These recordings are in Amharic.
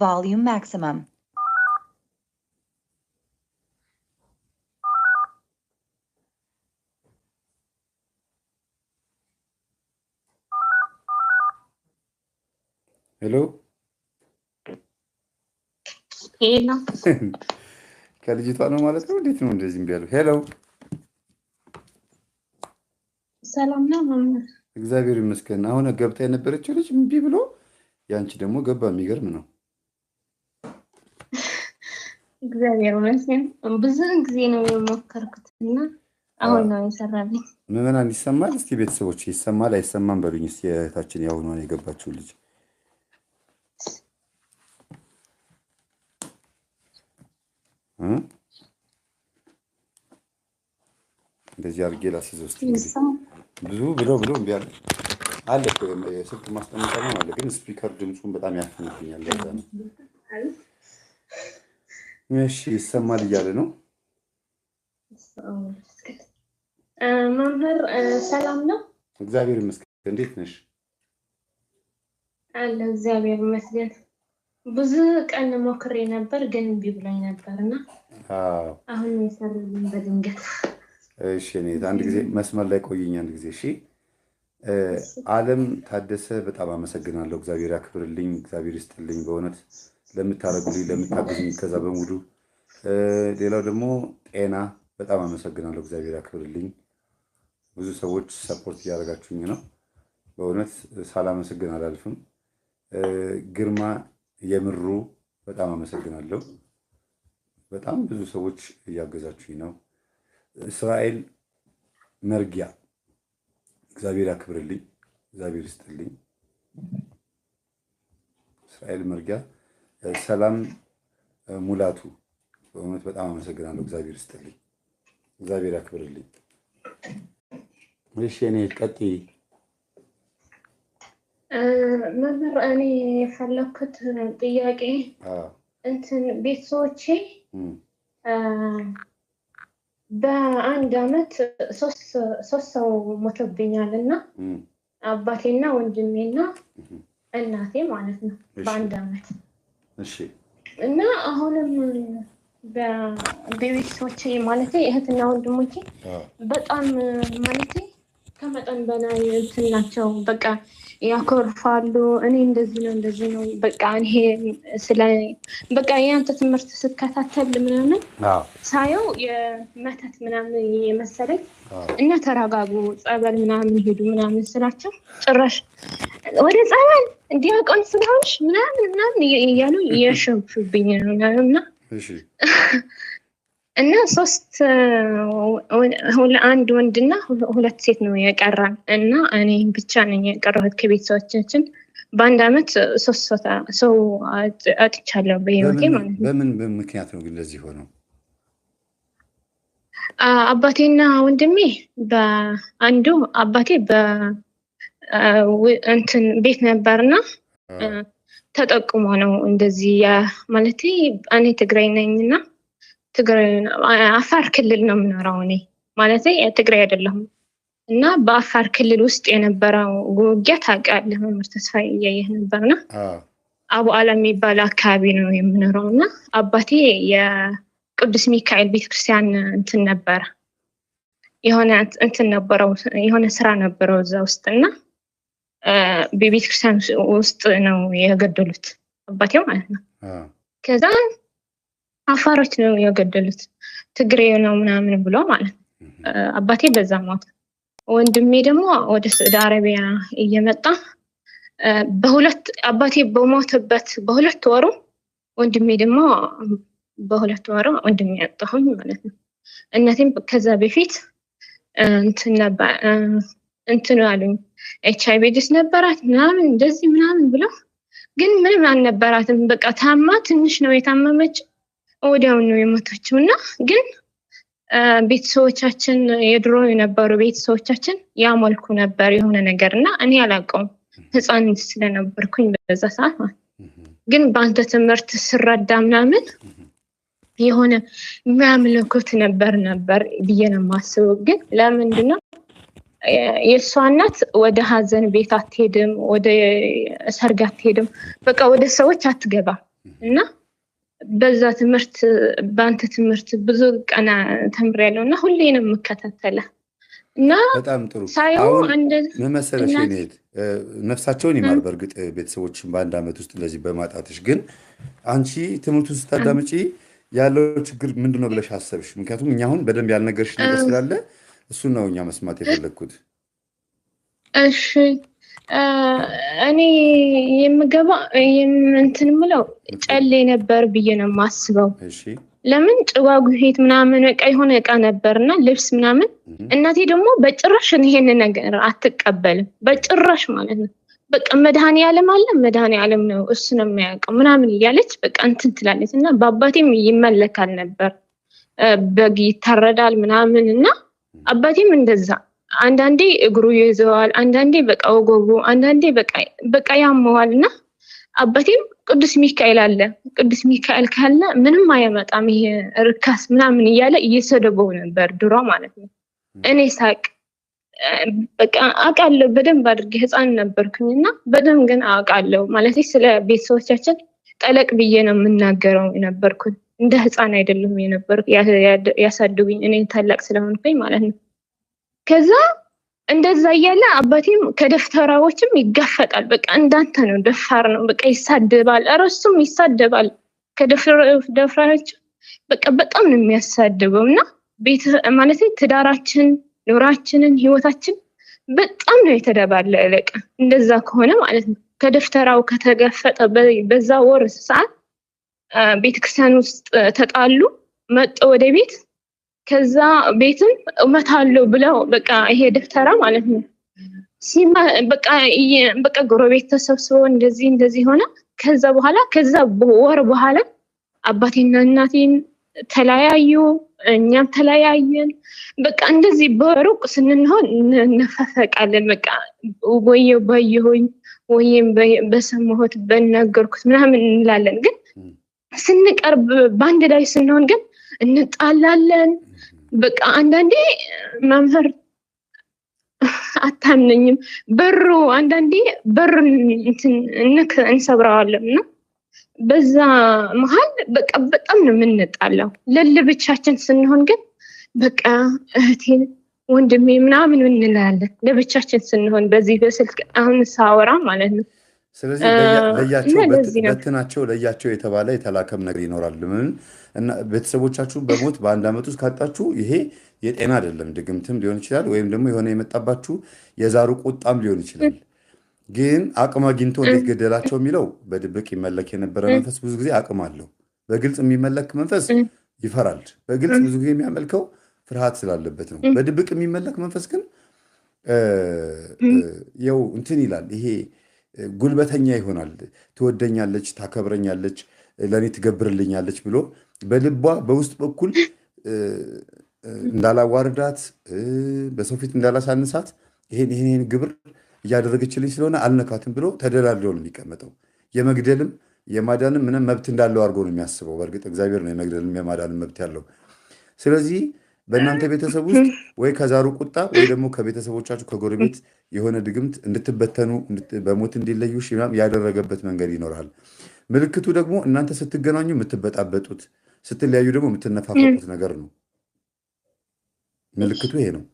volume maximum. ሄሎ ከልጅቷ ነው ማለት ነው። እንዴት ነው እንደዚህ እምቢ ያለው? ሄሎ ሰላም ነው። እግዚአብሔር ይመስገን። አሁን ገብታ የነበረችው ልጅ እምቢ ብሎ የአንቺ ደግሞ ገባ። የሚገርም ነው። እግዚአብሔር ይመስገን። ብዙን ጊዜ ነው የሞከርኩት እና አሁን ነው የሰራልኝ። ምዕመናን ይሰማል። እስቲ ቤተሰቦች ይሰማል አይሰማም በሉኝ። እስቲ እህታችን የአሁኗን የገባችው ልጅ እንደዚህ አድርጌ ላስይዘው። እስኪ ብዙ ብሎ ብሎ እምቢ አለ አለ። ስልክ ማስቀመጫ ነው አለ፣ ግን ስፒከር ድምፁን በጣም ያፍንብኛል። እሺ ይሰማል እያለ ነው። መምህር ሰላም ነው? እግዚአብሔር ይመስገን። እንዴት ነሽ? አለ እግዚአብሔር ይመስገን። ብዙ ቀን ሞክሬ ነበር ግን እምቢ ብሎኝ ነበር እና አሁን የሰሩልኝ በድንገት። እሺ እኔ አንድ ጊዜ መስመር ላይ ቆይኝ አንድ ጊዜ። እሺ አለም ታደሰ በጣም አመሰግናለሁ። እግዚአብሔር ያክብርልኝ። እግዚአብሔር ይስጥልኝ በእውነት ለምታደርጉልኝ ለምታግዙኝ ከዛ በሙሉ ሌላው ደግሞ ጤና በጣም አመሰግናለሁ። እግዚአብሔር ያክብርልኝ። ብዙ ሰዎች ሰፖርት እያደረጋችሁኝ ነው። በእውነት ሳላመሰግን አላልፍም። ግርማ የምሩ በጣም አመሰግናለሁ። በጣም ብዙ ሰዎች እያገዛችሁኝ ነው። እስራኤል መርጊያ እግዚአብሔር ያክብርልኝ፣ እግዚአብሔር ይስጥልኝ። እስራኤል መርጊያ ሰላም ሙላቱ በእውነት በጣም አመሰግናለሁ። እግዚአብሔር ይስጥልኝ፣ እግዚአብሔር ያክብርልኝ። እሺ እኔ ቀጥ መምህር፣ እኔ የፈለኩት ጥያቄ እንትን ቤተሰቦቼ በአንድ አመት ሶስት ሰው ሞቶብኛል እና አባቴና ወንድሜና እናቴ ማለት ነው በአንድ አመት እሺ። እና አሁንም በቤተሰቦቼ ማለት እህትና ወንድሞቼ በጣም ማለት ከመጠን በላይ እንትን ናቸው በቃ ያኮርፋሉ። እኔ እንደዚህ ነው እንደዚህ ነው በቃ ይሄ ስለ በቃ የአንተ ትምህርት ስከታተል ምናምን ሳየው የመተት ምናምን የመሰለኝ እና ተረጋጉ፣ ጸበል ምናምን ሄዱ ምናምን ስላቸው ጭራሽ ወደ ጸበል እንዲያቆን ስለሆንሽ ምናምን ምናምን እያሉ የሸብሹብኝ ነው እና እና ሶስት አንድ ወንድና ሁለት ሴት ነው የቀረን እና እኔ ብቻ ነኝ የቀረሁት ከቤተሰቦቻችን። በአንድ አመት ሶስት ሰው አጥቻለሁ በህይወቴ ማለት ነው። በምን ምክንያት ነው ግን ለዚህ ሆነው? አባቴና ወንድሜ በአንዱ አባቴ በእንትን ቤት ነበርና ተጠቁሞ ነው እንደዚህ ማለት እኔ ትግራይ ነኝና ትግራይ አፋር ክልል ነው የምኖረው እኔ ማለት ትግራይ አይደለሁም። እና በአፋር ክልል ውስጥ የነበረው ውጊያ ታውቃለህ መምህር ተስፋ እያየህ ነበርና አቡዓላ የሚባል አካባቢ ነው የምኖረው እና አባቴ የቅዱስ ሚካኤል ቤተክርስቲያን እንትን ነበረ የሆነ እንትን ነበረው የሆነ ስራ ነበረው እዛ ውስጥ እና በቤተክርስቲያን ውስጥ ነው የገደሉት አባቴ ማለት ነው ከዛ አፋሮች ነው የገደሉት ትግሬ ነው ምናምን ብሎ ማለት ነው። አባቴ በዛ ሞተ። ወንድሜ ደግሞ ወደ ሳዑዲ አረቢያ እየመጣ በሁለት አባቴ በሞተበት በሁለት ወሩ ወንድሜ ደግሞ በሁለት ወሩ ወንድሜ ያጣሁኝ ማለት ነው። እነቴም ከዛ በፊት እንትን አሉኝ ኤች አይ ቪ ነበራት ምናምን እንደዚህ ምናምን ብለው ግን ምንም አልነበራትም። በቃ ታማ ትንሽ ነው የታመመችው ወዲያው ነው የሞተችው እና ግን ቤተሰቦቻችን የድሮ የነበሩ ቤተሰቦቻችን ያመልኩ ነበር የሆነ ነገር እና እኔ አላውቀውም ህፃን ስለነበርኩኝ በዛ ሰዓት ማለት ግን በአንተ ትምህርት ስረዳ ምናምን የሆነ የሚያምልኩት ነበር ነበር ብዬ ነው የማስበው። ግን ለምንድነው የእሷ እናት ወደ ሀዘን ቤት አትሄድም፣ ወደ ሰርግ አትሄድም፣ በቃ ወደ ሰዎች አትገባ እና በዛ ትምህርት በአንተ ትምህርት ብዙ ቀና ተምሬያለሁ እና ሁሌ ነው የምከታተለ እና በጣም ጥሩ ምን መሰለሽ ኔት ነፍሳቸውን ይማር። በእርግጥ ቤተሰቦችን በአንድ ዓመት ውስጥ እንደዚህ በማጣትሽ፣ ግን አንቺ ትምህርቱን ስታዳምጪ ያለው ችግር ምንድን ነው ብለሽ አሰብሽ? ምክንያቱም እኛ አሁን በደንብ ያልነገርሽ ነገር ስላለ እሱን ነው እኛ መስማት የፈለግኩት። እሺ እኔ የምገባ እንትን ምለው ጨሌ ነበር ብዬ ነው የማስበው። ለምን ጭጓጉሄት ምናምን ቃ የሆነ እቃ ነበር እና ልብስ ምናምን። እናቴ ደግሞ በጭራሽ ይሄን ነገር አትቀበልም፣ በጭራሽ ማለት ነው። በቃ መድኃኔ ዓለም አለ መድኃኔ ዓለም ነው እሱ ነው የሚያውቀው ምናምን እያለች በቃ እንትን ትላለች። እና በአባቴም ይመለካል ነበር፣ በግ ይታረዳል ምናምን እና አባቴም እንደዛ አንዳንዴ እግሩ ይዘዋል፣ አንዳንዴ በቃ ወገቡ፣ አንዳንዴ በቃ ያመዋል እና አባቴም ቅዱስ ሚካኤል አለ ቅዱስ ሚካኤል ካለ ምንም አያመጣም ይሄ ርካስ ምናምን እያለ እየሰደበው ነበር ድሮ ማለት ነው። እኔ ሳቅ በቃ አውቃለሁ በደንብ አድርጌ ህፃን ነበርኩኝ እና በደንብ ግን አውቃለሁ ማለት ስለ ቤተሰቦቻችን ጠለቅ ብዬ ነው የምናገረው የነበርኩኝ። እንደ ህፃን አይደለም የነበር ያሳድጉኝ እኔ ታላቅ ስለሆንኩኝ ማለት ነው። ከዛ እንደዛ እያለ አባቴም ከደፍተራዎችም ይጋፈጣል። በቃ እንዳንተ ነው ደፋር ነው በቃ ይሳደባል። ኧረ ይሳደባል ከደፍራዎች በቃ በጣም ነው የሚያሳድበው እና ቤት ማለት ትዳራችን፣ ኑራችንን፣ ህይወታችን በጣም ነው የተደባለቀ። እንደዛ ከሆነ ማለት ነው ከደፍተራው ከተገፈጠ በዛ ወር ሰዓት ቤተክርስቲያን ውስጥ ተጣሉ መጠ ወደ ቤት ከዛ ቤትም እውነት አለው ብለው በቃ ይሄ ደፍተራ ማለት ነው ሲማ በቃ በቃ ጎረቤት ተሰብስበው እንደዚህ እንደዚህ ሆነ። ከዛ በኋላ ከዛ ወር በኋላ አባቴና እናቴን ተለያዩ፣ እኛም ተለያየን። በቃ እንደዚህ በሩቅ ስንንሆን እንፈፈቃለን። በቃ ወየ ባየሆኝ ወይም በሰማሁት በነገርኩት ምናምን እንላለን። ግን ስንቀርብ በአንድ ላይ ስንሆን ግን እንጣላለን። በቃ አንዳንዴ መምህር አታምነኝም። በሩ አንዳንዴ በር እንክ እንሰብረዋለን ነው። በዛ መሀል በቃ በጣም ነው የምንጣለው። ለለብቻችን ስንሆን ግን በቃ እህቴን ወንድሜ ምናምን እንላለን። ለብቻችን ስንሆን በዚህ በስልክ አሁን ሳወራ ማለት ነው ስለዚህ ለያቸው በትናቸው ለያቸው የተባለ የተላከም ነገር ይኖራል። ምን እና ቤተሰቦቻችሁን በሞት በአንድ ዓመት ውስጥ ካጣችሁ ይሄ የጤና አይደለም፣ ድግምትም ሊሆን ይችላል፣ ወይም ደግሞ የሆነ የመጣባችሁ የዛሩ ቁጣም ሊሆን ይችላል። ግን አቅም አግኝቶ እንዴት ገደላቸው የሚለው በድብቅ ይመለክ የነበረ መንፈስ ብዙ ጊዜ አቅም አለው። በግልጽ የሚመለክ መንፈስ ይፈራል። በግልጽ ብዙ ጊዜ የሚያመልከው ፍርሃት ስላለበት ነው። በድብቅ የሚመለክ መንፈስ ግን ያው እንትን ይላል ይሄ ጉልበተኛ ይሆናል። ትወደኛለች፣ ታከብረኛለች፣ ለእኔ ትገብርልኛለች ብሎ በልቧ በውስጥ በኩል እንዳላዋርዳት፣ በሰው ፊት እንዳላሳንሳት ይሄን ይሄን ግብር እያደረገችልኝ ስለሆነ አልነካትም ብሎ ተደላድሎ ነው የሚቀመጠው። የመግደልም የማዳንም ምንም መብት እንዳለው አድርጎ ነው የሚያስበው። በእርግጥ እግዚአብሔር ነው የመግደልም የማዳንም መብት ያለው። ስለዚህ በእናንተ ቤተሰብ ውስጥ ወይ ከዛሩ ቁጣ ወይ ደግሞ ከቤተሰቦቻችሁ ከጎረቤት የሆነ ድግምት እንድትበተኑ በሞት እንዲለዩ ያደረገበት መንገድ ይኖራል። ምልክቱ ደግሞ እናንተ ስትገናኙ የምትበጣበጡት፣ ስትለያዩ ደግሞ የምትነፋፈቁት ነገር ነው። ምልክቱ ይሄ ነው።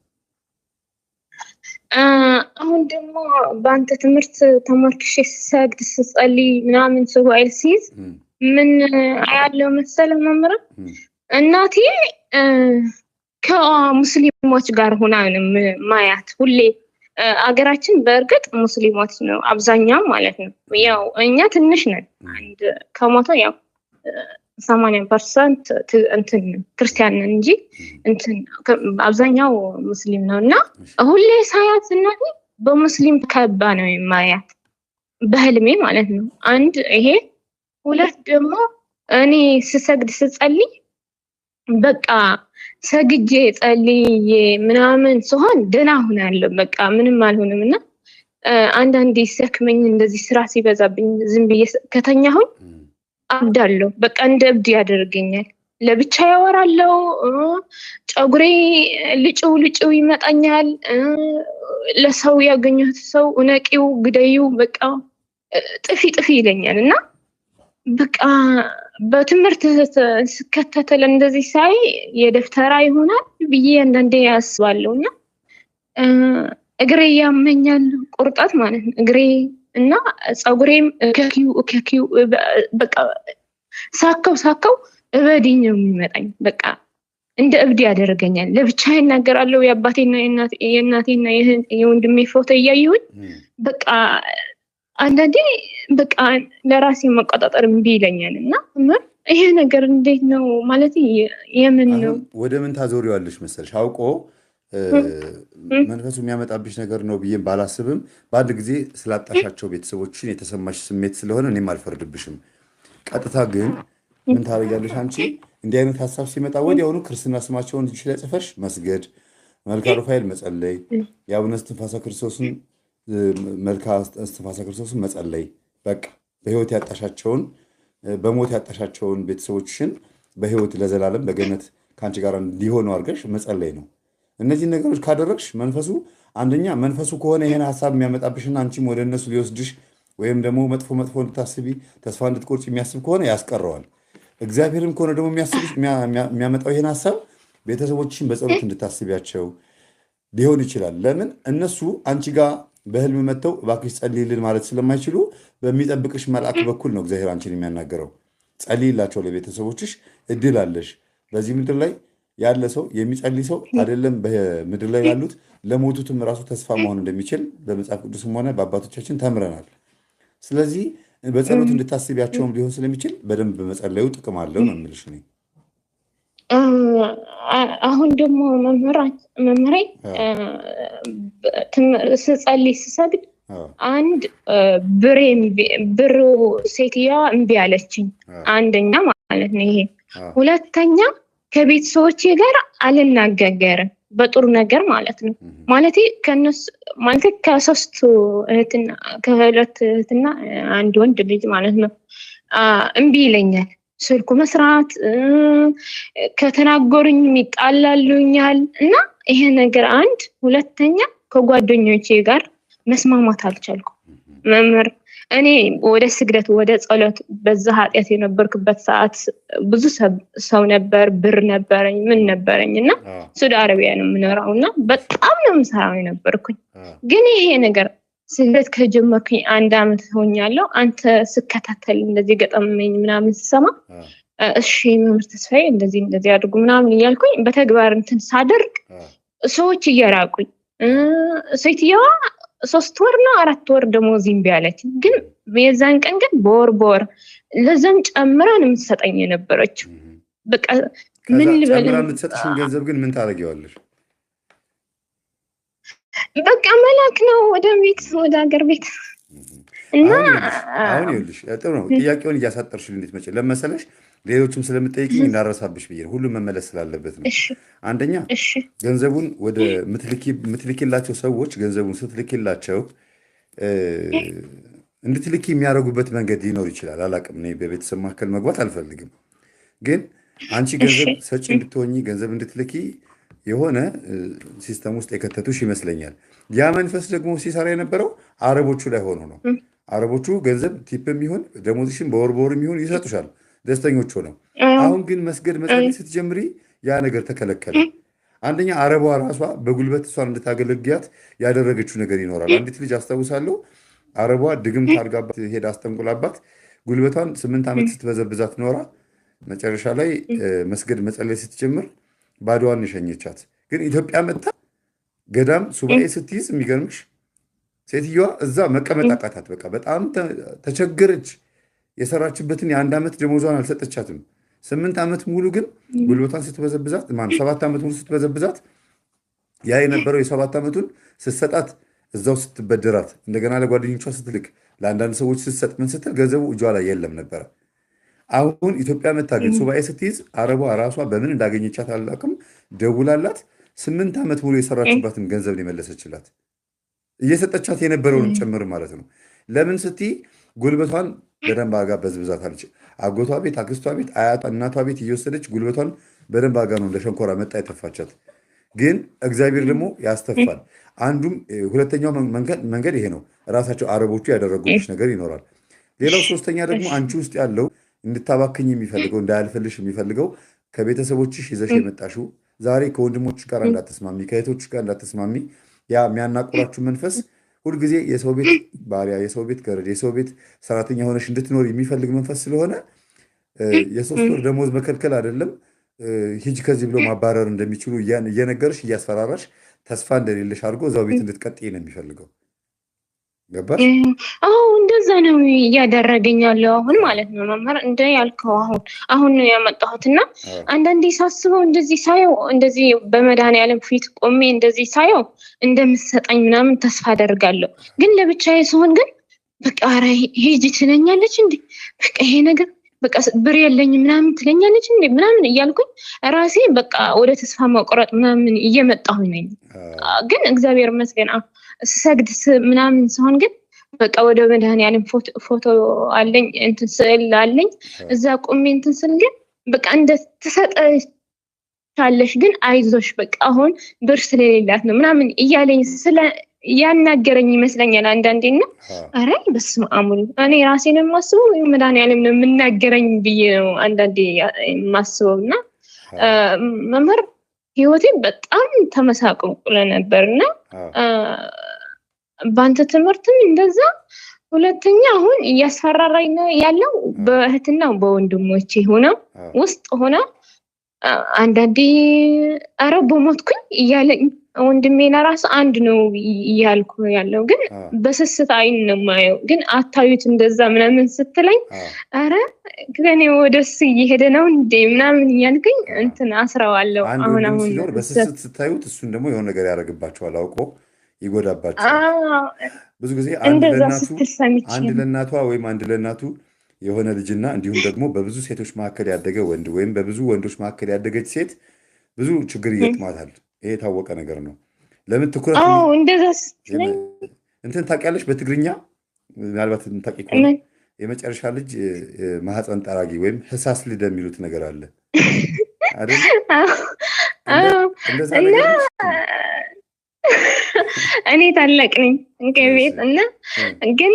አሁን ደግሞ በአንተ ትምህርት ተማርክሽ ስሰግድ ስጸልይ ምናምን ስዋኤል ሲይዝ ምን ያለው መሰለ መምህራን እናቴ ከሙስሊሞች ጋር ሆና ማያት ሁሌ አገራችን በእርግጥ ሙስሊሞች ነው አብዛኛው ማለት ነው። ያው እኛ ትንሽ ነን። አንድ ከሞተ ያው ሰማንያ ፐርሰንት እንትን ክርስቲያን ነን እንጂ እንትን አብዛኛው ሙስሊም ነው እና ሁሌ ሳያት እናቴ በሙስሊም ከባ ነው የማያት በህልሜ ማለት ነው። አንድ ይሄ ሁለት ደግሞ እኔ ስሰግድ ስጸልይ በቃ ሰግጄ ጸልዬ ምናምን ስሆን ደህና ሆናለሁ። በቃ ምንም አልሆንም እና አንዳንዴ ሲያክመኝ እንደዚህ ስራ ሲበዛብኝ ዝም ብዬ ከተኛሁኝ አብዳለሁ። በቃ እንደ እብድ ያደርገኛል። ለብቻ ያወራለው ጨጉሬ ልጭው ልጭው ይመጣኛል። ለሰው ያገኘሁት ሰው እነቂው ግደዩ በቃ ጥፊ ጥፊ ይለኛል እና በቃ በትምህርት ስከተተል እንደዚህ ሳይ የደብተራ ይሆናል ብዬ አንዳንዴ ያስባለሁ እና እግሬ ያመኛል፣ ቁርጠት ማለት ነው እግሬ እና ፀጉሬም ከኪው ከኪው በቃ ሳከው ሳከው እበድኝ ነው የሚመጣኝ። በቃ እንደ እብድ ያደርገኛል። ለብቻ ይናገራለሁ የአባቴና የእናቴና የወንድሜ ፎቶ እያየሁኝ በቃ አንዳንዴ በቃ ለራሴ መቆጣጠር እምቢ ይለኛል እና ይሄ ነገር እንዴት ነው ማለት የምን ነው ወደ ምን ታዞሪዋለሽ መሰለሽ አውቆ መንፈሱ የሚያመጣብሽ ነገር ነው ብዬም ባላስብም በአንድ ጊዜ ስላጣሻቸው ቤተሰቦችን የተሰማሽ ስሜት ስለሆነ እኔም አልፈርድብሽም። ቀጥታ ግን ምን ታደርጊያለሽ አንቺ? እንዲህ አይነት ሀሳብ ሲመጣ ወዲያውኑ ክርስትና ስማቸውን ልጅሽ ላይ ጽፈሽ መስገድ፣ መልክአ ሩፋኤል መጸለይ፣ የአቡነ እስትንፋሰ ክርስቶስን መልካ እስትንፋሰ ክርስቶስን መጸለይ በቃ በህይወት ያጣሻቸውን በሞት ያጣሻቸውን ቤተሰቦችሽን በህይወት ለዘላለም በገነት ከአንቺ ጋር እንዲሆኑ አድርገሽ መጸለይ ነው። እነዚህ ነገሮች ካደረግሽ መንፈሱ አንደኛ መንፈሱ ከሆነ ይሄን ሀሳብ የሚያመጣብሽና አንቺም ወደ እነሱ ሊወስድሽ ወይም ደግሞ መጥፎ መጥፎ እንድታስቢ ተስፋ እንድትቆርጭ የሚያስብ ከሆነ ያስቀረዋል። እግዚአብሔርም ከሆነ ደግሞ የሚያመጣው ይሄን ሀሳብ ቤተሰቦችሽን በጸሎት እንድታስቢያቸው ሊሆን ይችላል። ለምን እነሱ አንቺ ጋር በህልም መጥተው እባክሽ ጸልይልን ማለት ስለማይችሉ በሚጠብቅሽ መልአክ በኩል ነው እግዚአብሔር አንቺን የሚያናገረው። ጸልይላቸው ለቤተሰቦችሽ፣ እድል አለሽ። በዚህ ምድር ላይ ያለ ሰው የሚጸልይ ሰው አይደለም በምድር ላይ ያሉት ለሞቱትም ራሱ ተስፋ መሆን እንደሚችል በመጽሐፍ ቅዱስም ሆነ በአባቶቻችን ተምረናል። ስለዚህ በጸሎት እንድታስቢያቸውም ሊሆን ስለሚችል በደንብ መጸለዩ ጥቅም አለው ነው የምልሽ እኔ አሁን ደግሞ መምህሬ ስጸልይ ስሰግድ አንድ ብሬ ሴትዮዋ እምቢ አለችኝ። አንደኛ ማለት ነው ይሄ። ሁለተኛ ከቤተሰቦቼ ጋር አልናገገርም በጥሩ ነገር ማለት ነው። ማለት ከነሱ ማለት ከሶስቱ እህትና ከሁለት እህትና አንድ ወንድ ልጅ ማለት ነው እምቢ ይለኛል ስልኩ መስራት ከተናገሩኝ ይጣላሉኛል እና ይሄ ነገር አንድ። ሁለተኛ ከጓደኞቼ ጋር መስማማት አልቻልኩ መምህር እኔ ወደ ስግደት ወደ ጸሎት በዛ ኃጢአት የነበርክበት ሰዓት ብዙ ሰው ነበር፣ ብር ነበረኝ፣ ምን ነበረኝ እና ሱዳ አረቢያ ነው የምኖረው እና በጣም ነው የምሰራው የነበርኩኝ ግን ይሄ ነገር ስግደት ከጀመርኩኝ አንድ አመት ሆኛለሁ። አንተ ስከታተል እንደዚህ ገጠመኝ ምናምን ስሰማ እሺ መምህር ተስፋዬ እንደዚህ እንደዚህ አድርጉ ምናምን እያልኩኝ በተግባር እንትን ሳደርግ ሰዎች እየራቁኝ፣ ሴትየዋ ሶስት ወር ነው አራት ወር ደሞዝ እምቢ አለች። ግን የዛን ቀን ግን በወር በወር ለዛም ጨምራን የምትሰጠኝ የነበረችው በቃ ምን ልበል የምትሰጥሽን ገንዘብ ግን ምን ታደርጊዋለሽ? በቃ መላክ ነው ወደ ቤት ወደ ሀገር ቤት እና አሁን ይኸውልሽ ጥሩ ነው። ጥያቄውን እያሳጠርሽልኝ እንዴት መቼ ለመሰለሽ ሌሎችም ስለምጠይቅኝ እናረሳብሽ ብዬ ነው። ሁሉም መመለስ ስላለበት ነው። አንደኛ ገንዘቡን ወደ ምትልኪላቸው ሰዎች ገንዘቡን ስትልኪላቸው እንድትልኪ የሚያደርጉበት መንገድ ሊኖር ይችላል። አላቅም እኔ በቤተሰብ መካከል መግባት አልፈልግም። ግን አንቺ ገንዘብ ሰጪ እንድትሆኚ ገንዘብ እንድትልኪ የሆነ ሲስተም ውስጥ የከተቱሽ ይመስለኛል። ያ መንፈስ ደግሞ ሲሰራ የነበረው አረቦቹ ላይ ሆኖ ነው። አረቦቹ ገንዘብ ቲፕ የሚሆን ደሞዝሽን በወር በወር የሚሆን ይሰጡሻል፣ ደስተኞች ሆነው። አሁን ግን መስገድ መጸለይ ስትጀምሪ ያ ነገር ተከለከለ። አንደኛ አረቧ ራሷ በጉልበት እሷን እንድታገለግያት ያደረገችው ነገር ይኖራል። አንዲት ልጅ አስታውሳለሁ። አረቧ ድግም ታርጋባት ሄድ አስጠንቁላባት ጉልበቷን ስምንት ዓመት ስትበዘብዛት ኖራ መጨረሻ ላይ መስገድ መጸለይ ስትጀምር ባድዋን የሸኘቻት ግን ኢትዮጵያ መጥታ ገዳም ሱባኤ ስትይዝ የሚገርምሽ ሴትዮዋ እዛ መቀመጥ አቃታት። በቃ በጣም ተቸገረች። የሰራችበትን የአንድ ዓመት ደሞዟን አልሰጠቻትም። ስምንት ዓመት ሙሉ ግን ጉልበቷን ስትበዘብዛት፣ ሰባት ዓመት ሙሉ ስትበዘብዛት ያ የነበረው የሰባት ዓመቱን ስትሰጣት እዛው ስትበደራት እንደገና ለጓደኞቿ ስትልክ ለአንዳንድ ሰዎች ስትሰጥ ምን ስትል ገንዘቡ እጇ ላይ የለም ነበረ። አሁን ኢትዮጵያ መታገል ሱባኤ ስትይዝ አረቧ ራሷ በምን እንዳገኘቻት አላቅም ደውላላት ስምንት ዓመት ሙሉ የሰራችባትን ገንዘብ የመለሰችላት እየሰጠቻት የነበረውን ጭምር ማለት ነው። ለምን ስትይ ጉልበቷን በደንብ አጋ በዝብዛት አለች። አጎቷ ቤት፣ አክስቷ ቤት፣ አያቷ፣ እናቷ ቤት እየወሰደች ጉልበቷን በደንብ አጋ ነው ለሸንኮራ መጣ የተፋቻት። ግን እግዚአብሔር ደግሞ ያስተፋል። አንዱም ሁለተኛው መንገድ ይሄ ነው። ራሳቸው አረቦቹ ያደረጉች ነገር ይኖራል። ሌላው ሶስተኛ ደግሞ አንቺ ውስጥ ያለው እንድታባክኝ የሚፈልገው እንዳያልፍልሽ የሚፈልገው ከቤተሰቦችሽ ይዘሽ የመጣሽው ዛሬ ከወንድሞች ጋር እንዳትስማሚ፣ ከእህቶች ጋር እንዳትስማሚ፣ ያ የሚያናቁራችሁ መንፈስ ሁልጊዜ የሰው ቤት ባሪያ፣ የሰው ቤት ገረድ፣ የሰው ቤት ሰራተኛ ሆነሽ እንድትኖር የሚፈልግ መንፈስ ስለሆነ የሶስት ወር ደሞዝ መከልከል አይደለም ሂጅ ከዚህ ብሎ ማባረር እንደሚችሉ እየነገርሽ እያስፈራራሽ ተስፋ እንደሌለሽ አድርጎ እዛው ቤት እንድትቀጥይ ነው የሚፈልገው። አዎ እንደዛ ነው እያደረገኝ ያለው አሁን ማለት ነው መምህር፣ እንደ ያልከው አሁን አሁን ነው ያመጣሁት እና አንዳንዴ ሳስበው እንደዚህ ሳየው እንደዚህ በመድኃኒዓለም ፊት ቆሜ እንደዚህ ሳየው እንደምትሰጠኝ ምናምን ተስፋ አደርጋለሁ። ግን ለብቻዬ ሲሆን ግን በቃ ኧረ ሂጂ ትለኛለች እንዴ በቃ ይሄ ነገር በቃ ብር የለኝ ምናምን ትለኛለች እንዴ ምናምን እያልኩኝ ራሴ በቃ ወደ ተስፋ መቁረጥ ምናምን እየመጣሁ ነኝ። ግን እግዚአብሔር ይመስገን ስሰግድ ምናምን ሲሆን ግን በቃ ወደ መድኃኔዓለም ፎቶ አለኝ እንትን ስዕል አለኝ እዛ ቁሚ እንትን ስል ግን በቃ እንደ ትሰጠቻለሽ ግን አይዞሽ በቃ አሁን ብር ስለሌላት ነው ምናምን እያለኝ ስለ ያናገረኝ ይመስለኛል አንዳንዴ ና ኧረ በስመ አብ እኔ ራሴን የማስበው መድኃኔዓለም ነው የምናገረኝ ብዬ ነው አንዳንዴ የማስበው እና መምህር ህይወቴ በጣም ተመሳቅቁለ ነበር እና በአንተ ትምህርትም እንደዛ። ሁለተኛ አሁን እያስፈራራኝ ነው ያለው በእህትና በወንድሞቼ ሆነ ውስጥ ሆነ አንዳንዴ አረ በሞትኩኝ እያለኝ ወንድሜና ራሱ አንድ ነው እያልኩ ያለው ግን በስስት አይን ነው የማየው። ግን አታዩት እንደዛ ምናምን ስትለኝ አረ ከኔ ወደሱ እየሄደ ነው እንዴ ምናምን እያልኩኝ እንትን አስረዋለሁ። አሁን አሁን በስስት ስታዩት እሱን ደግሞ የሆነ ነገር ያደርግባቸዋል አውቆ ይጎዳባቸዋል። ብዙ ጊዜ አንድ ለእናቷ ወይም አንድ ለእናቱ የሆነ ልጅና እንዲሁም ደግሞ በብዙ ሴቶች መካከል ያደገ ወንድ ወይም በብዙ ወንዶች መካከል ያደገች ሴት ብዙ ችግር ይገጥማታል። ይሄ የታወቀ ነገር ነው። ለምን ትኩረት እንትን ታውቂያለሽ? በትግርኛ ምናልባት ታውቂ የመጨረሻ ልጅ ማህፀን ጠራጊ ወይም ህሳስ ልደ የሚሉት ነገር አለ እኔ ታላቅ ነኝ ቤት እና ግን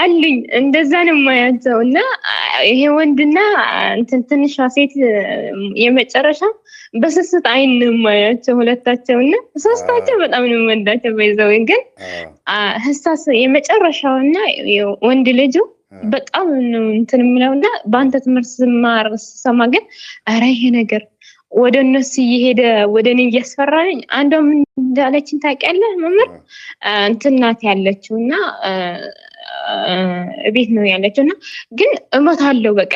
አሉኝ እንደዛ ነው የማያቸው እና ይሄ ወንድና እንትን ትንሿ ሴት የመጨረሻ በስስት አይን ነው የማያቸው ሁለታቸው እና ሶስታቸው በጣም ነው የምወዳቸው። በይዘው ግን ህሳስ የመጨረሻው እና ወንድ ልጁ በጣም ነው እንትን የምለው እና በአንተ ትምህርት ስማር ስሰማ ግን ኧረ ይሄ ነገር ወደ እነሱ እየሄደ ወደ እኔ እያስፈራኝ፣ አንዷ ምን እንዳለችን ታውቂያለህ? መምህር እንትን ናት ያለችው እና ቤት ነው ያለችው እና ግን እሞታለሁ በቃ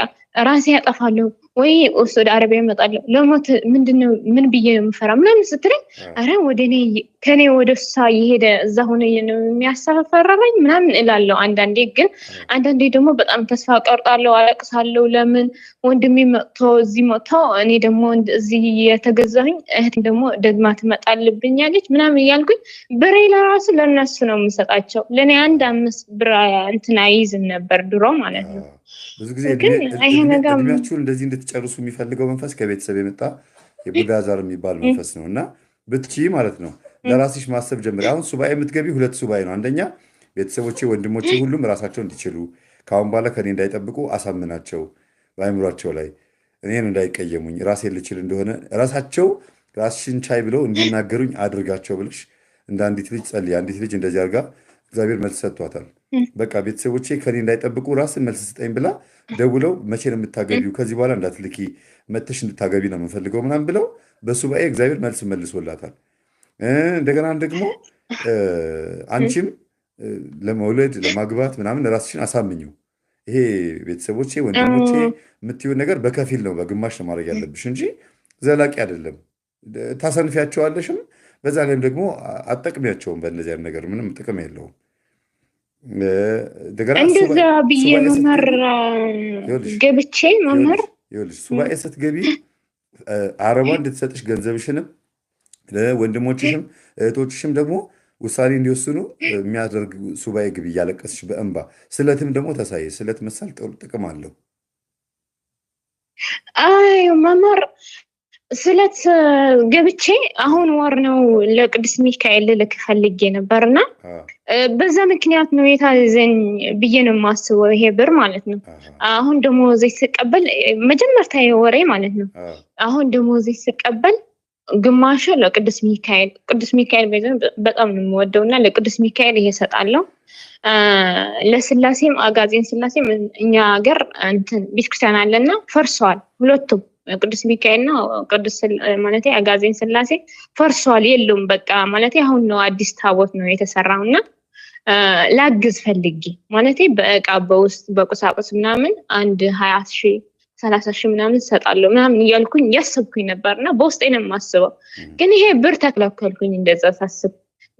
ራሴ ያጠፋለሁ ወይ ውስጥ ወደ አረቢያ ይመጣለሁ ለሞት ምንድነው ምን ብዬ የምፈራ ምናምን ስትለኝ፣ ረ ወደ እኔ ከኔ ወደ እሷ እየሄደ እዛ ሆነ ነው ምናምን እላለሁ። አንዳንዴ ግን አንዳንዴ ደግሞ በጣም ተስፋ ቆርጣለሁ፣ አለቅሳለሁ። ለምን ወንድሜ መጥቶ እዚህ መጥቶ እኔ ደግሞ እዚህ የተገዛኝ እህት ደግሞ ደግማ ትመጣልብኛለች ምናምን እያልኩኝ ብሬ ለራሱ ለእነሱ ነው የምሰጣቸው። ለእኔ አንድ አምስት ብራ እንትን አይይዝም ነበር ድሮ ማለት ነው። ብዙ ጊዜ እድሜያችሁን እንደዚህ እንድትጨርሱ የሚፈልገው መንፈስ ከቤተሰብ የመጣ የቡዳ ዛር የሚባል መንፈስ ነው እና ብትቺ ማለት ነው ለራስሽ ማሰብ ጀምር። አሁን ሱባኤ የምትገቢ ሁለት ሱባኤ ነው። አንደኛ ቤተሰቦቼ፣ ወንድሞቼ ሁሉም ራሳቸው እንዲችሉ ከአሁን በኋላ ከእኔ እንዳይጠብቁ አሳምናቸው በአይምሯቸው ላይ እኔን እንዳይቀየሙኝ ራሴ ልችል እንደሆነ ራሳቸው ራስሽን ቻይ ብለው እንዲናገሩኝ አድርጋቸው ብለሽ እንደ አንዲት ልጅ ጸልይ። አንዲት ልጅ እንደዚህ አድርጋ እግዚአብሔር መልስ ሰጥቷታል። በቃ ቤተሰቦቼ ከኔ እንዳይጠብቁ ራስን መልስ ስጠኝ ብላ ደውለው መቼ ነው የምታገቢው? ከዚህ በኋላ እንዳትልኪ መተሽ እንድታገቢ ነው የምፈልገው ምናምን ብለው በሱባኤ እግዚአብሔር መልስ መልሶላታል። እንደገና ደግሞ አንቺም ለመውለድ ለማግባት ምናምን ራስሽን አሳምኙ። ይሄ ቤተሰቦቼ ወንድሞቼ የምትይውን ነገር በከፊል ነው በግማሽ ነው ማድረግ ያለብሽ እንጂ ዘላቂ አይደለም። ታሰንፊያቸዋለሽም፣ በዛ ላይም ደግሞ አጠቅሚያቸውም። በእነዚያ ነገር ምንም ጥቅም የለውም። እንደዛ ብዬ መምህር ገብቼ መምህር ይኸውልሽ ሱባኤ ስትገቢ አረቧ እንድትሰጥሽ ገንዘብሽንም ወንድሞችሽም እህቶችሽም ደግሞ ውሳኔ እንዲወስኑ የሚያደርግ ሱባኤ ግቢ እያለቀስሽ በእንባ ስለትም ደግሞ ተሳየ ስለት መሳል ጥቅም አለው። አይ መምህር ስለት ገብቼ አሁን ወር ነው ለቅዱስ ሚካኤል ልልክ ፈልጌ ነበር በዛ ምክንያት ነው የታዘኝ ብዬ ነው የማስበው። ይሄ ብር ማለት ነው። አሁን ደሞዜ ስቀበል መጀመርታ ወሬ ማለት ነው። አሁን ደሞዜ ስቀበል ግማሹ ለቅዱስ ሚካኤል ቅዱስ ሚካኤል በጣም ነው የምወደው እና ለቅዱስ ሚካኤል ይሄ እሰጣለሁ። ለስላሴም አጋዜን ስላሴም እኛ ሀገር ቤተክርስቲያን አለና ፈርሰዋል ሁለቱም ቅዱስ ሚካኤልና ቅዱስ ማለት አጋዜን ስላሴ ፈርሷል የለውም በቃ ማለት አሁን ነው አዲስ ታቦት ነው የተሰራው እና ላግዝ ፈልጌ ማለት በእቃ በውስጥ በቁሳቁስ ምናምን አንድ ሀያ ሺ ሰላሳ ሺ ምናምን ትሰጣለሁ ምናምን እያልኩኝ እያሰብኩኝ ነበር እና በውስጤ ነው የማስበው። ግን ይሄ ብር ተከላከልኩኝ እንደዛ ሳስብ።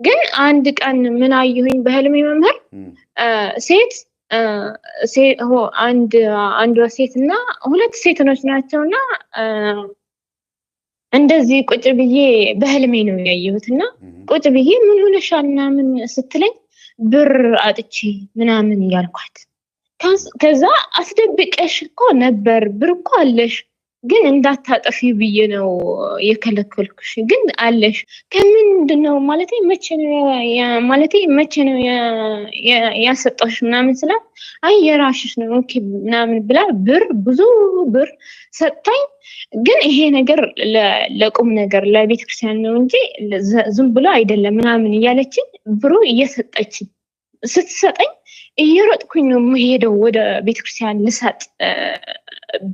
ግን አንድ ቀን ምን አየሁኝ በህልሜ መምህር ሴት አንድ አንዷ ሴት እና ሁለት ሴትኖች ናቸው እና እንደዚህ ቁጭ ብዬ በህልሜ ነው ያየሁት እና ቁጭ ብዬ ምን ሆነሻል ምናምን ስትለኝ ብር አጥቼ ምናምን ያልኳት ከዛ አስደብቀሽ እኮ ነበር ብር እኮ አለሽ ግን እንዳታጠፊ ብዬ ነው የከለከልኩሽ። ግን አለሽ ከምንድን ነው ማለት ማለት መቼ ነው ያሰጠሽ ምናምን ስላት አይ የራሽሽ ነው ኦኬ ምናምን ብላ ብር ብዙ ብር ሰጥታኝ። ግን ይሄ ነገር ለቁም ነገር ለቤተክርስቲያን ነው እንጂ ዝም ብሎ አይደለም ምናምን እያለችኝ ብሩ እየሰጠችኝ ስትሰጠኝ እየሮጥኩኝ ነው የምሄደው ወደ ቤተክርስቲያን ልሰጥ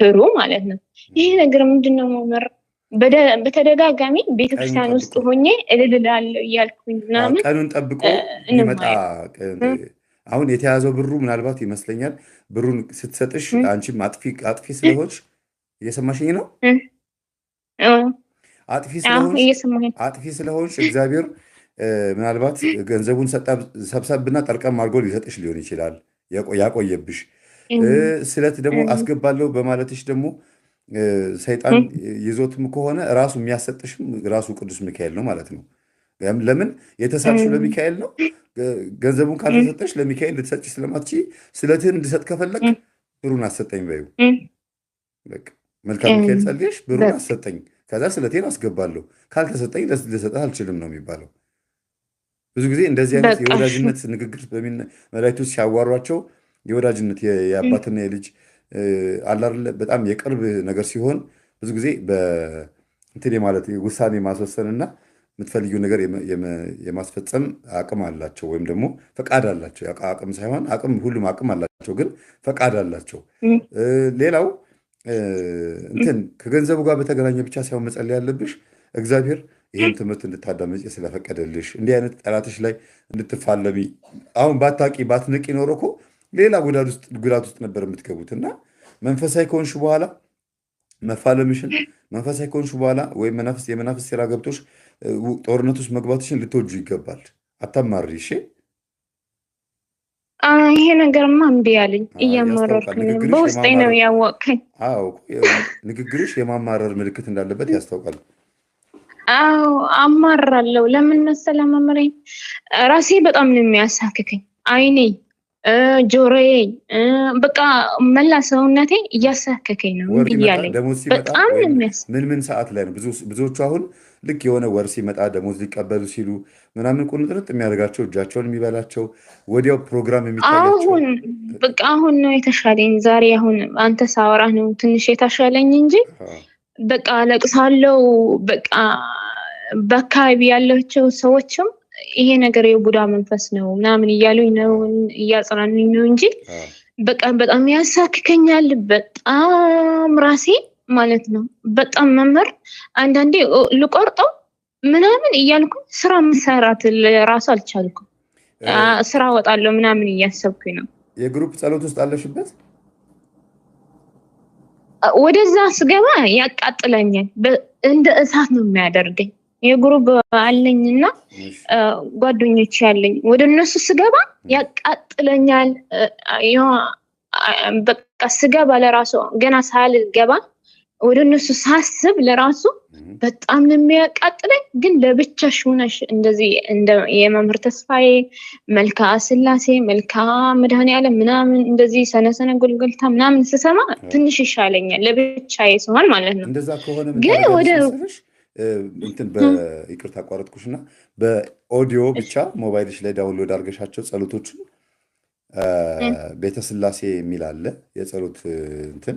ብሩ ማለት ነው። ይሄ ነገር ምንድን ነው መመር በተደጋጋሚ ቤተክርስቲያን ውስጥ ሆኜ እልል እያልኩኝ ምናምን ቀኑን ጠብቆ ይመጣ አሁን የተያዘው ብሩ ምናልባት ይመስለኛል ብሩን ስትሰጥሽ አንቺም አጥፊ ስለሆንሽ እየሰማሽኝ ነው። አጥፊ ስለሆንሽ እግዚአብሔር ምናልባት ገንዘቡን ሰብሰብና ጠርቀም አድርጎ ሊሰጥሽ ሊሆን ይችላል ያቆየብሽ። ስለት ደግሞ አስገባለሁ በማለትሽ ደግሞ ሰይጣን ይዞትም ከሆነ ራሱ የሚያሰጥሽም ራሱ ቅዱስ ሚካኤል ነው ማለት ነው። ለምን የተሳልሽው ለሚካኤል ነው። ገንዘቡን ካልተሰጠሽ ለሚካኤል ልትሰጭ ስለማትችይ ስለትህን እንድሰጥ ከፈለግ ብሩን አሰጠኝ በዩ መልካም ሚካኤል ጸልየሽ ብሩን አሰጠኝ፣ ከዛ ስለቴን አስገባለሁ፣ ካልተሰጠኝ ልሰጥህ አልችልም ነው የሚባለው። ብዙ ጊዜ እንደዚህ አይነት የወዳጅነት ንግግር መላእክቶች ሲያዋሯቸው የወዳጅነት የአባትና የልጅ አላርለ በጣም የቅርብ ነገር ሲሆን ብዙ ጊዜ በእንትን ማለት ውሳኔ ማስወሰን እና የምትፈልጊው ነገር የማስፈጸም አቅም አላቸው፣ ወይም ደግሞ ፈቃድ አላቸው። አቅም ሳይሆን አቅም ሁሉም አቅም አላቸው፣ ግን ፈቃድ አላቸው። ሌላው እንትን ከገንዘቡ ጋር በተገናኘ ብቻ ሳይሆን መጸለይ ያለብሽ እግዚአብሔር ይህን ትምህርት እንድታዳመጭ ስለፈቀደልሽ እንዲህ አይነት ጠላትሽ ላይ እንድትፋለሚ አሁን ባታቂ ባትንቅ ይኖረ እኮ ሌላ ጉዳት ውስጥ ነበር የምትገቡት እና መንፈሳዊ ከሆንሽ በኋላ መፋለምሽን መንፈሳዊ ከሆንሽ በኋላ ወይም የመናፍስ ሴራ ገብቶሽ ጦርነት ውስጥ መግባትሽን ልትወጁ ይገባል። አታማሪ እሺ። ይሄ ነገርማ እምቢ አለኝ። እያማረርኩኝ በውስጤ ነው ያወቅከኝ። ንግግርሽ የማማረር ምልክት እንዳለበት ያስታውቃል። አዎ አማራለሁ። ለምን መሰለ መምሬ ራሴ በጣም ነው የሚያሳክከኝ። አይኔ፣ ጆሮዬ፣ በቃ መላ ሰውነቴ እያሳክከኝ ነው እያለኝ በጣም ነው የሚያስ ምን ምን ሰዓት ላይ ነው? ብዙዎቹ አሁን ልክ የሆነ ወር ሲመጣ ደሞዝ ሊቀበሉ ሲሉ ምናምን ቁንጥርጥ የሚያደርጋቸው እጃቸውን የሚበላቸው ወዲያው ፕሮግራም የሚታያቸው አሁን በቃ አሁን ነው የተሻለኝ። ዛሬ አሁን አንተ ሳወራ ነው ትንሽ የተሻለኝ እንጂ በቃ ለቅሳለው። በቃ በአካባቢ ያላቸው ሰዎችም ይሄ ነገር የቡዳ መንፈስ ነው ምናምን እያሉኝ ነው እያጽናኑኝ ነው እንጂ በቃ በጣም ያሳክከኛል። በጣም ራሴ ማለት ነው በጣም መምህር አንዳንዴ ልቆርጠው ምናምን እያልኩ ስራ መሰራት ራሱ አልቻልኩም። ስራ ወጣለሁ ምናምን እያሰብኩኝ ነው። የግሩፕ ጸሎት ውስጥ አለሽበት? ወደዛ ስገባ ያቃጥለኛል። እንደ እሳት ነው የሚያደርገኝ። የግሩብ አለኝና ጓደኞች ያለኝ ወደ እነሱ ስገባ ያቃጥለኛል። በቃ ስገባ ለራሱ ገና ሳልገባ ወደ እነሱ ሳስብ ለራሱ በጣም ነው የሚያቃጥለኝ። ግን ለብቻሽ ሆነሽ እንደዚህ የመምህር ተስፋዬ፣ መልካ ስላሴ፣ መልካ መድኃኔዓለም ምናምን እንደዚህ ሰነሰነ ጎልጎልታ ምናምን ስሰማ ትንሽ ይሻለኛል፣ ለብቻዬ ስሆን ማለት ነው። ግን ወደ እንትን በይቅርታ አቋረጥኩሽ በኦዲዮ ብቻ ሞባይልሽ ላይ ዳውንሎድ አድርገሻቸው ጸሎቶቹን ቤተ ስላሴ የሚል አለ የጸሎት እንትን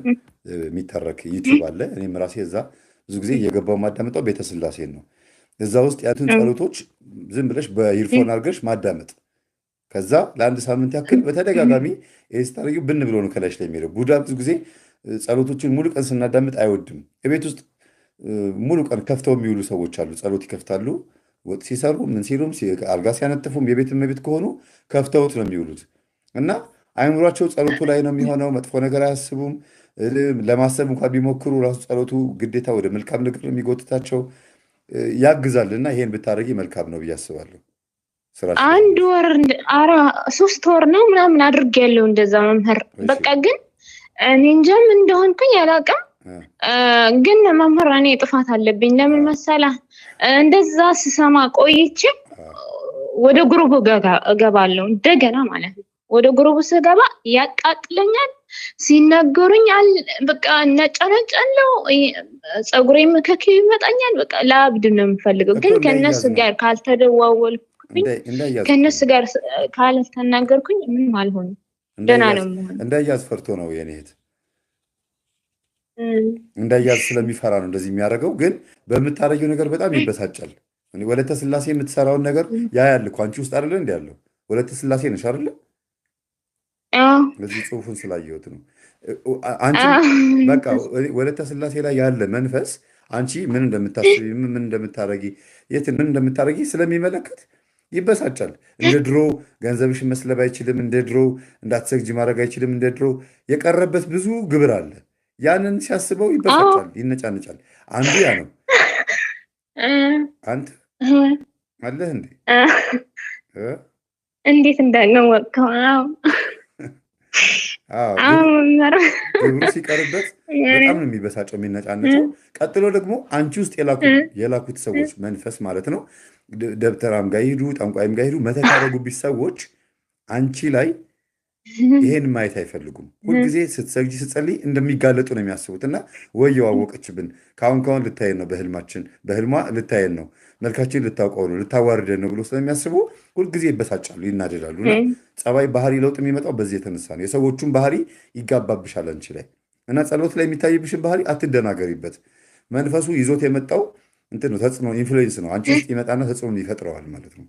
የሚተረክ ዩቲዩብ አለ። እኔም ራሴ እዛ ብዙ ጊዜ እየገባው ማዳመጠው ቤተ ስላሴን ነው። እዛ ውስጥ ያሉትን ጸሎቶች ዝም ብለሽ በሂርፎን አድርገሽ ማዳመጥ። ከዛ ለአንድ ሳምንት ያክል በተደጋጋሚ ስታዩ ብን ብሎ ነው ከላሽ ላይ የሚለው። ቡዳ ብዙ ጊዜ ጸሎቶችን ሙሉ ቀን ስናዳምጥ አይወድም። ቤት ውስጥ ሙሉ ቀን ከፍተው የሚውሉ ሰዎች አሉ። ጸሎት ይከፍታሉ ወጥ ሲሰሩ ምን ሲሉም አልጋ ሲያነጥፉም የቤት እመቤት ከሆኑ ከፍተውት ነው የሚውሉት። እና አይምሯቸው ጸሎቱ ላይ ነው የሚሆነው። መጥፎ ነገር አያስቡም። ለማሰብ እንኳን ቢሞክሩ ራሱ ጸሎቱ ግዴታ ወደ መልካም ነገር የሚጎትታቸው ያግዛል እና ይሄን ብታደርጊ መልካም ነው ብዬ አስባለሁ። አንድ ወር ሶስት ወር ነው ምናምን ያለው እንደዛ መምህር። በቃ ግን እኔ እንጃም እንደሆንኩኝ አላውቅም። ግን መምህር እኔ ጥፋት አለብኝ። ለምን መሰላ እንደዛ ስሰማ ቆይቼ ወደ ጉሩብ እገባለሁ እንደገና ማለት ነው ወደ ግሩቡ ስገባ ያቃጥለኛል። ሲናገሩኝ በቃ እነጨነጨለው፣ ፀጉሬም ምክክ ይመጣኛል። በቃ ለአብድ ነው የምፈልገው። ግን ከእነሱ ጋር ካልተደዋወልኩኝ ከእነሱ ጋር ካልተናገርኩኝ ምንም አልሆንም። ደህና ነው የምሆነው። እንዳያዝ ፈርቶ ነው የኔ እህት፣ እንዳያዝ ስለሚፈራ ነው እንደዚህ የሚያደርገው። ግን በምታደርጊው ነገር በጣም ይበሳጫል። ወለተ ስላሴ የምትሰራውን ነገር ያ ያልኩ አንቺ ውስጥ አይደለ እንዲ ያለው ወለተ ስላሴ ነሽ አይደለም ለዚህ ጽሁፉን ስላየሁት ነው። አንቺ በቃ ወለተ ስላሴ ላይ ያለ መንፈስ አንቺ ምን እንደምታስቢ ምን እንደምታረጊ የት ምን እንደምታረጊ ስለሚመለከት ይበሳጫል። እንደ ድሮ ገንዘብሽን መስለብ አይችልም። እንደ ድሮ እንዳትሰግጅ ማድረግ አይችልም። እንደ ድሮ የቀረበት ብዙ ግብር አለ። ያንን ሲያስበው ይበሳጫል፣ ይነጫነጫል። አንዱ ያ ነው። አንተ አለህ እንዴ? እንዴት እንዳነወቅከው ግብሩ ሲቀርበት በጣም ነው የሚበሳጨው የሚነጫነጨው። ቀጥሎ ደግሞ አንቺ ውስጥ የላኩት ሰዎች መንፈስ ማለት ነው። ደብተራም ጋር ሂዱ፣ ጠንቋይም ጋር ሂዱ፣ መተት ያደረጉብሽ ሰዎች አንቺ ላይ ይሄን ማየት አይፈልጉም። ሁልጊዜ ስትሰግጂ ስትጸልይ እንደሚጋለጡ ነው የሚያስቡት እና ወየው አወቀችብን፣ ከአሁን ከአሁን ልታየን ነው፣ በህልማችን በህልሟ ልታየን ነው፣ መልካችን ልታውቀው ነው፣ ልታዋርደን ነው ብሎ ስለሚያስቡ ሁልጊዜ ይበሳጫሉ፣ ይናደዳሉ። እና ጸባይ ባህሪ ለውጥ የሚመጣው በዚህ የተነሳ ነው። የሰዎቹን ባህሪ ይጋባብሻል አንቺ ላይ እና ጸሎት ላይ የሚታይብሽን ባህሪ አትደናገሪበት። መንፈሱ ይዞት የመጣው እንትን ነው፣ ተጽዕኖ ኢንፍሉዌንስ ነው። አንቺ ውስጥ ይመጣና ተጽዕኖ ይፈጥረዋል ማለት ነው።